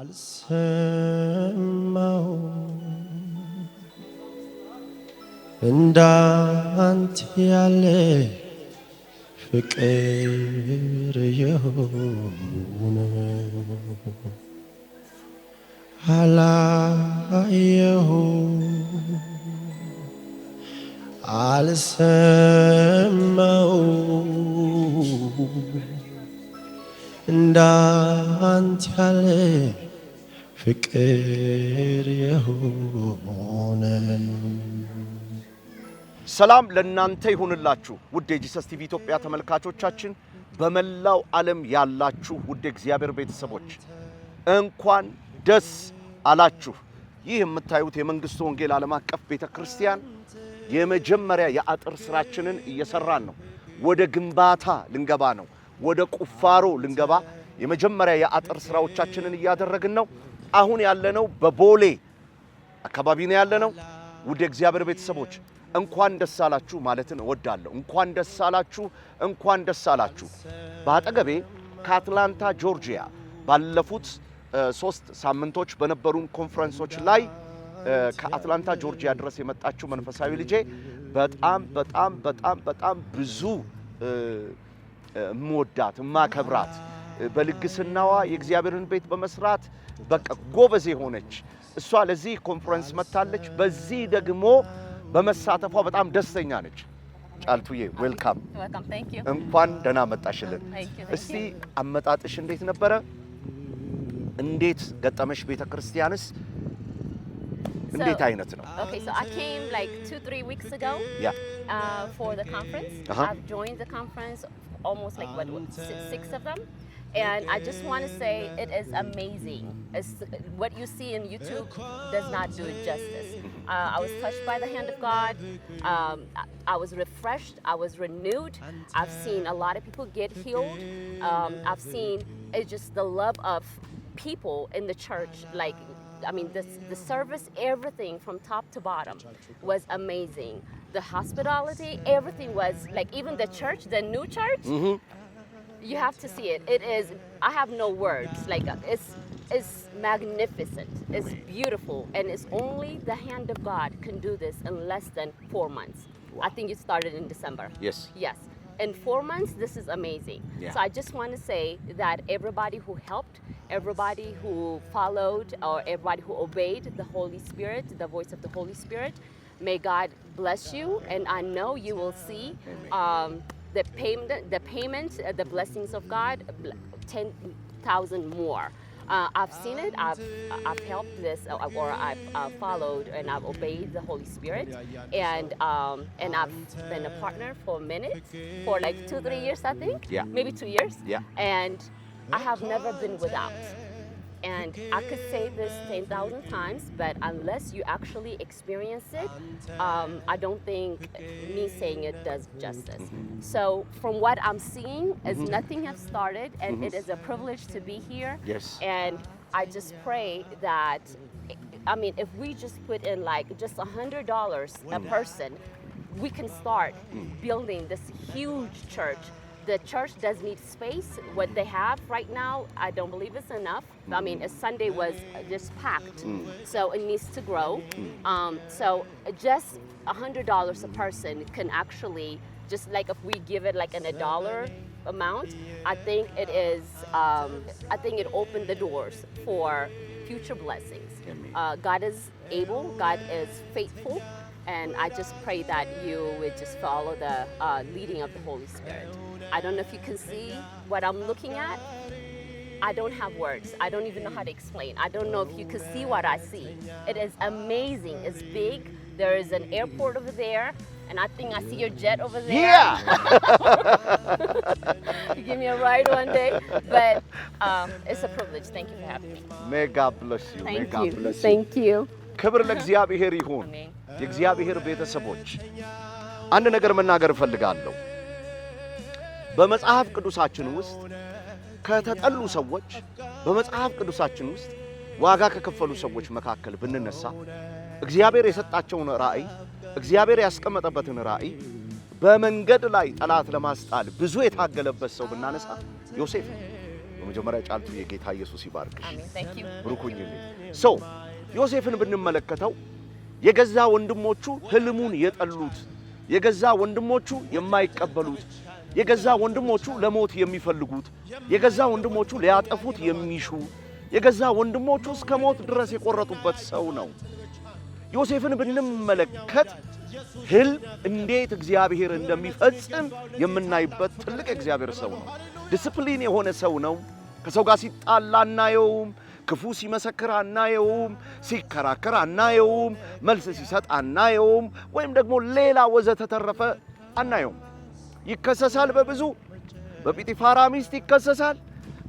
አልሰማሁም እንዳንተ ያለ ፍቅር የሆነ አላየሁም አልሰማሁም እንዳንተ ያለ ፍቅር የሆነ ሰላም ለእናንተ ይሁንላችሁ። ውድ የጂሰስ ቲቪ ኢትዮጵያ ተመልካቾቻችን፣ በመላው ዓለም ያላችሁ ውድ እግዚአብሔር ቤተሰቦች እንኳን ደስ አላችሁ። ይህ የምታዩት የመንግሥቱ ወንጌል ዓለም አቀፍ ቤተ ክርስቲያን የመጀመሪያ የአጥር ስራችንን እየሰራን ነው። ወደ ግንባታ ልንገባ ነው። ወደ ቁፋሮ ልንገባ የመጀመሪያ የአጥር ስራዎቻችንን እያደረግን ነው። አሁን ያለነው በቦሌ አካባቢ ነው ያለነው። ውድ የእግዚአብሔር ቤተሰቦች እንኳን ደስ አላችሁ ማለትን እወዳለሁ። እንኳን ደስ አላችሁ፣ እንኳን ደስ አላችሁ። በአጠገቤ ከአትላንታ ጆርጂያ ባለፉት ሶስት ሳምንቶች በነበሩን ኮንፈረንሶች ላይ ከአትላንታ ጆርጂያ ድረስ የመጣችው መንፈሳዊ ልጄ በጣም በጣም በጣም በጣም ብዙ እምወዳት እማከብራት በልግስናዋ የእግዚአብሔርን ቤት በመስራት በቃ ጎበዝ የሆነች እሷ ለዚህ ኮንፈረንስ መጥታለች። በዚህ ደግሞ በመሳተፏ በጣም ደስተኛ ነች። ጫልቱዬ ዌልካም፣ እንኳን ደህና መጣሽልን። እስቲ አመጣጥሽ እንዴት ነበረ? እንዴት ገጠመሽ? ቤተ ክርስቲያንስ እንዴት አይነት ነው? ኦኬ ሶ And I just want to say it is amazing. It's, what you see in YouTube does not do it justice. Uh, I was touched by the hand of God. Um, I, was refreshed. I was renewed. I've seen a lot of people get healed. Um, I've seen it's just the love of people in the church. Like, I mean, the, the service, everything from top to bottom was amazing. The hospitality, everything was like, even the church, the new church. Mm-hmm you have to see it. It is. I have no words. Like it's it's magnificent. It's beautiful, and it's only the hand of God can do this in less than four months. Wow. I think it started in December. Yes. Yes. In four months, this is amazing. Yeah. So I just want to say that everybody who helped, everybody who followed, or everybody who obeyed the Holy Spirit, the voice of the Holy Spirit, may God bless you, and I know you will see. Um, the payment, the uh, the blessings of God, ten thousand more. Uh, I've seen it. I've I've helped this, uh, or I've uh, followed and I've obeyed the Holy Spirit, and um, and I've been a partner for a minute, for like two three years I think, yeah, maybe two years, yeah, and I have never been without. And I could say this 10,000 times, but unless you actually experience it, um, I don't think me saying it does justice. Mm-hmm. So, from what I'm seeing, is mm-hmm. nothing has started, and mm-hmm. it is a privilege to be here. Yes. And I just pray that, I mean, if we just put in like just a hundred dollars a person, we can start mm. building this huge church the church does need space. What they have right now, I don't believe it's enough. Mm. I mean, mm. Sunday was just packed, mm. so it needs to grow. Mm. Um, so uh, just hundred dollars a person can actually just like if we give it like a dollar amount, I think it is. Um, I think it opened the doors for future blessings. Uh, God is able. God is faithful and I just pray that you would just follow the uh, leading of the Holy Spirit. I don't know if you can see what I'm looking at. I don't have words. I don't even know how to explain. I don't know if you can see what I see. It is amazing. It's big. There is an airport over there, and I think I see your jet over there. Yeah. you give me a ride one day, but um, it's a privilege. Thank you for having me. May God bless you. Thank May God you. bless you. Thank you. ክብር ለእግዚአብሔር ይሁን። የእግዚአብሔር ቤተሰቦች አንድ ነገር መናገር እፈልጋለሁ። በመጽሐፍ ቅዱሳችን ውስጥ ከተጠሉ ሰዎች በመጽሐፍ ቅዱሳችን ውስጥ ዋጋ ከከፈሉ ሰዎች መካከል ብንነሳ እግዚአብሔር የሰጣቸውን ራእይ እግዚአብሔር ያስቀመጠበትን ራእይ በመንገድ ላይ ጠላት ለማስጣል ብዙ የታገለበት ሰው ብናነሳ ዮሴፍ ነው። በመጀመሪያ ጫልቱ የጌታ ኢየሱስ ይባርክሽ፣ ብሩኩኝ ሰው ዮሴፍን ብንመለከተው የገዛ ወንድሞቹ ህልሙን የጠሉት የገዛ ወንድሞቹ የማይቀበሉት የገዛ ወንድሞቹ ለሞት የሚፈልጉት የገዛ ወንድሞቹ ሊያጠፉት የሚሹ የገዛ ወንድሞቹ እስከ ሞት ድረስ የቆረጡበት ሰው ነው። ዮሴፍን ብንመለከት ሕልም እንዴት እግዚአብሔር እንደሚፈጽም የምናይበት ትልቅ እግዚአብሔር ሰው ነው። ዲስፕሊን የሆነ ሰው ነው። ከሰው ጋር ሲጣላ አናየውም። ክፉ ሲመሰክር አናየውም። ሲከራከር አናየውም። መልስ ሲሰጥ አናየውም። ወይም ደግሞ ሌላ ተተረፈ አናየውም። ይከሰሳል። በብዙ በጲጢፋራ ሚስት ይከሰሳል፣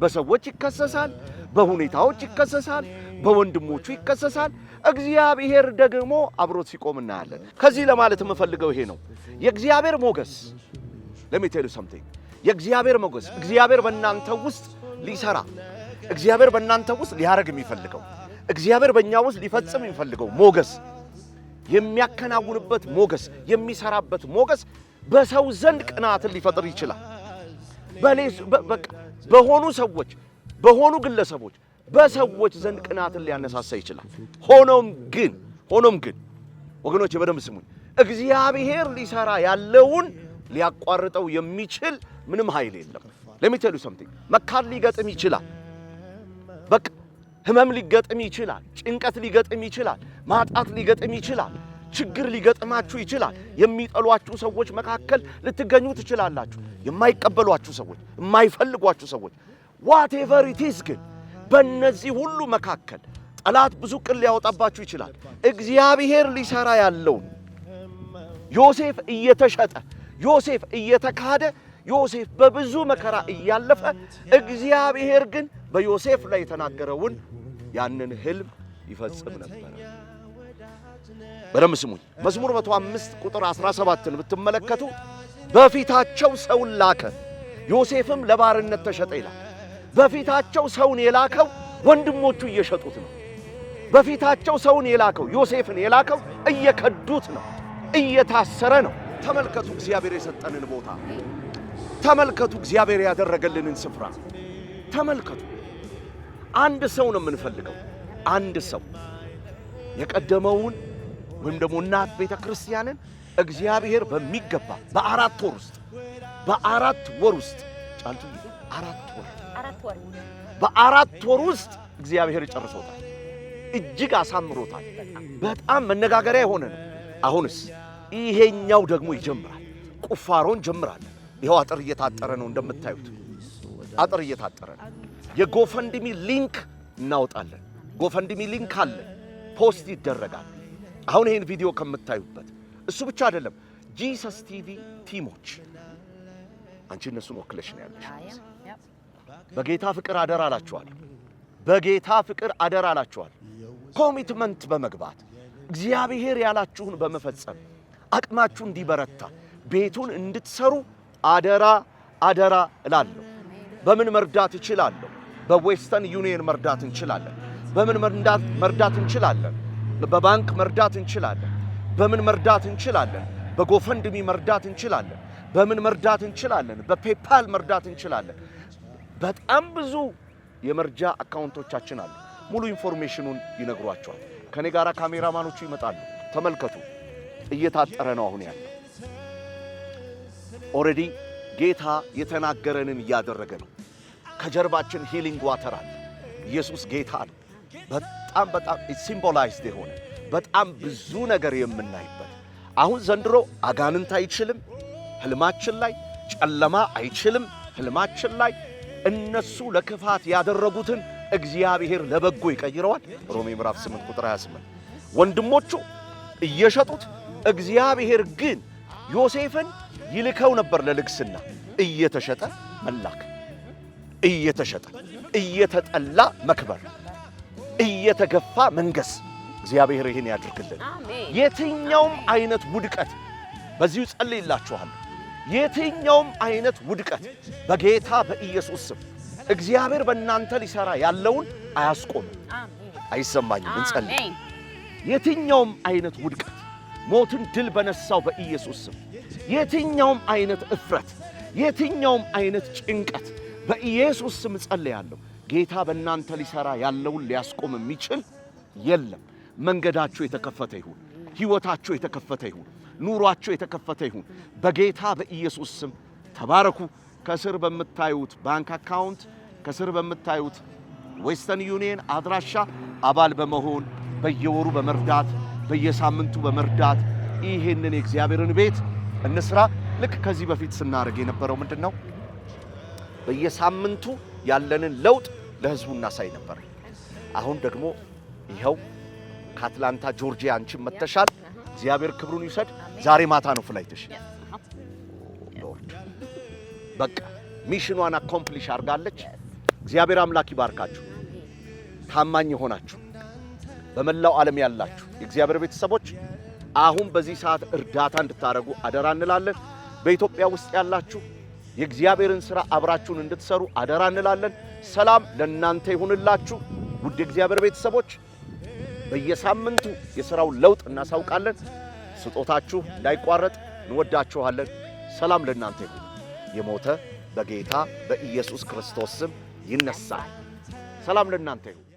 በሰዎች ይከሰሳል፣ በሁኔታዎች ይከሰሳል፣ በወንድሞቹ ይከሰሳል። እግዚአብሔር ደግሞ አብሮት ሲቆም እናያለን። ከዚህ ለማለት የምፈልገው ይሄ ነው። የእግዚአብሔር ሞገስ ለሚቴሉ ሰምቲንግ የእግዚአብሔር ሞገስ እግዚአብሔር በእናንተ ውስጥ ሊሰራ እግዚአብሔር በእናንተ ውስጥ ሊያደርግ የሚፈልገው እግዚአብሔር በእኛ ውስጥ ሊፈጽም የሚፈልገው ሞገስ የሚያከናውንበት ሞገስ የሚሰራበት ሞገስ በሰው ዘንድ ቅናትን ሊፈጥር ይችላል። በሆኑ ሰዎች፣ በሆኑ ግለሰቦች፣ በሰዎች ዘንድ ቅናትን ሊያነሳሳ ይችላል። ሆኖም ግን ሆኖም ግን ወገኖች በደንብ ስሙኝ፣ እግዚአብሔር ሊሰራ ያለውን ሊያቋርጠው የሚችል ምንም ኃይል የለም። ለሚተሉ ሰምቲንግ መካድ ሊገጥም ይችላል። በቃ ህመም ሊገጥም ይችላል። ጭንቀት ሊገጥም ይችላል። ማጣት ሊገጥም ይችላል። ችግር ሊገጥማችሁ ይችላል። የሚጠሏችሁ ሰዎች መካከል ልትገኙ ትችላላችሁ። የማይቀበሏችሁ ሰዎች፣ የማይፈልጓችሁ ሰዎች ዋቴቨር ኢቲስ ግን በእነዚህ ሁሉ መካከል ጠላት ብዙ ቅል ሊያወጣባችሁ ይችላል። እግዚአብሔር ሊሰራ ያለውን ዮሴፍ እየተሸጠ ዮሴፍ እየተካደ ዮሴፍ በብዙ መከራ እያለፈ እግዚአብሔር ግን በዮሴፍ ላይ የተናገረውን ያንን ህልም ይፈጽም ነበር። በደም ስሙኝ። መዝሙር 105 ቁጥር 17ን ብትመለከቱ በፊታቸው ሰውን ላከ ዮሴፍም ለባርነት ተሸጠ ይላል። በፊታቸው ሰውን የላከው ወንድሞቹ እየሸጡት ነው። በፊታቸው ሰውን የላከው ዮሴፍን የላከው እየከዱት ነው፣ እየታሰረ ነው። ተመልከቱ እግዚአብሔር የሰጠንን ቦታ ተመልከቱ። እግዚአብሔር ያደረገልንን ስፍራ ተመልከቱ። አንድ ሰው ነው የምንፈልገው። አንድ ሰው የቀደመውን ወይም ደግሞ እናት ቤተ ክርስቲያንን እግዚአብሔር በሚገባ በአራት ወር ውስጥ በአራት ወር ውስጥ ጫልቱ አራት ወር በአራት ወር ውስጥ እግዚአብሔር ጨርሶታል። እጅግ አሳምሮታል። በጣም መነጋገሪያ የሆነ ነው። አሁንስ ይሄኛው ደግሞ ይጀምራል። ቁፋሮን ጀምራለን። ይኸው አጥር እየታጠረ ነው እንደምታዩት፣ አጥር እየታጠረ ነው። የጎፈንድሚ ሊንክ እናወጣለን። ጎፈንድሚ ሊንክ አለ፣ ፖስት ይደረጋል። አሁን ይህን ቪዲዮ ከምታዩበት እሱ ብቻ አይደለም፣ ጂሰስ ቲቪ ቲሞች አንቺ እነሱን ወክለሽ ነው ያለሽ። በጌታ ፍቅር አደራ አላችኋል። በጌታ ፍቅር አደራ አላችኋል። ኮሚትመንት በመግባት እግዚአብሔር ያላችሁን በመፈጸም አቅማችሁ እንዲበረታ ቤቱን እንድትሰሩ አደራ አደራ እላለሁ። በምን መርዳት እችላለሁ? በዌስተን ዩኒየን መርዳት እንችላለን። በምን መርዳት እንችላለን? በባንክ መርዳት እንችላለን። በምን መርዳት እንችላለን? በጎፈንድሚ መርዳት እንችላለን። በምን መርዳት እንችላለን? በፔፓል መርዳት እንችላለን። በጣም ብዙ የመርጃ አካውንቶቻችን አሉ። ሙሉ ኢንፎርሜሽኑን ይነግሯቸዋል። ከኔ ጋር ካሜራማኖቹ ይመጣሉ። ተመልከቱ፣ እየታጠረ ነው አሁን ያለው። ኦልሬዲ ጌታ የተናገረንን እያደረገ ነው። ከጀርባችን ሂሊንግ ዋተር አለ። ኢየሱስ ጌታ ነው። በጣም በጣም ሲምቦላይዝድ የሆነ በጣም ብዙ ነገር የምናይበት አሁን ዘንድሮ አጋንንት አይችልም ህልማችን ላይ፣ ጨለማ አይችልም ህልማችን ላይ። እነሱ ለክፋት ያደረጉትን እግዚአብሔር ለበጎ ይቀይረዋል። ሮሜ ምዕራፍ 8 ቁጥር 28 ወንድሞቹ እየሸጡት እግዚአብሔር ግን ዮሴፍን ይልከው ነበር ለልግስና እየተሸጠ መላክ፣ እየተሸጠ እየተጠላ መክበር እየተገፋ መንገስ። እግዚአብሔር ይህን ያድርግልን። የትኛውም አይነት ውድቀት በዚሁ ጸልይላችኋል። የትኛውም አይነት ውድቀት በጌታ በኢየሱስ ስም እግዚአብሔር በእናንተ ሊሰራ ያለውን አያስቆም። አይሰማኝም። እንጸልይ። የትኛውም አይነት ውድቀት ሞትን ድል በነሳው በኢየሱስ ስም የትኛውም አይነት እፍረት፣ የትኛውም አይነት ጭንቀት በኢየሱስ ስም እጸልያለሁ። ጌታ በእናንተ ሊሰራ ያለውን ሊያስቆም የሚችል የለም። መንገዳችሁ የተከፈተ ይሁን። ሕይወታችሁ የተከፈተ ይሁን። ኑሯችሁ የተከፈተ ይሁን። በጌታ በኢየሱስ ስም ተባረኩ። ከስር በምታዩት ባንክ አካውንት፣ ከስር በምታዩት ዌስተርን ዩኒየን አድራሻ አባል በመሆን በየወሩ በመርዳት በየሳምንቱ በመርዳት ይህንን የእግዚአብሔርን ቤት እንስራ። ልክ ከዚህ በፊት ስናደርግ የነበረው ምንድን ነው? በየሳምንቱ ያለንን ለውጥ ለህዝቡ እናሳይ ነበር። አሁን ደግሞ ይኸው ከአትላንታ ጆርጂያ አንቺን መተሻል። እግዚአብሔር ክብሩን ይውሰድ። ዛሬ ማታ ነው ፍላይትሽ። ሎርድ በቃ ሚሽኗን አኮምፕሊሽ አድርጋለች። እግዚአብሔር አምላክ ይባርካችሁ። ታማኝ የሆናችሁ በመላው ዓለም ያላችሁ የእግዚአብሔር ቤተሰቦች አሁን በዚህ ሰዓት እርዳታ እንድታደርጉ አደራ እንላለን። በኢትዮጵያ ውስጥ ያላችሁ የእግዚአብሔርን ሥራ አብራችሁን እንድትሰሩ አደራ እንላለን። ሰላም ለእናንተ ይሁንላችሁ ውድ የእግዚአብሔር ቤተሰቦች። በየሳምንቱ የሥራውን ለውጥ እናሳውቃለን። ስጦታችሁ እንዳይቋረጥ እንወዳችኋለን። ሰላም ለእናንተ ይሁን። የሞተ በጌታ በኢየሱስ ክርስቶስ ስም ይነሳል። ሰላም ለእናንተ ይሁን።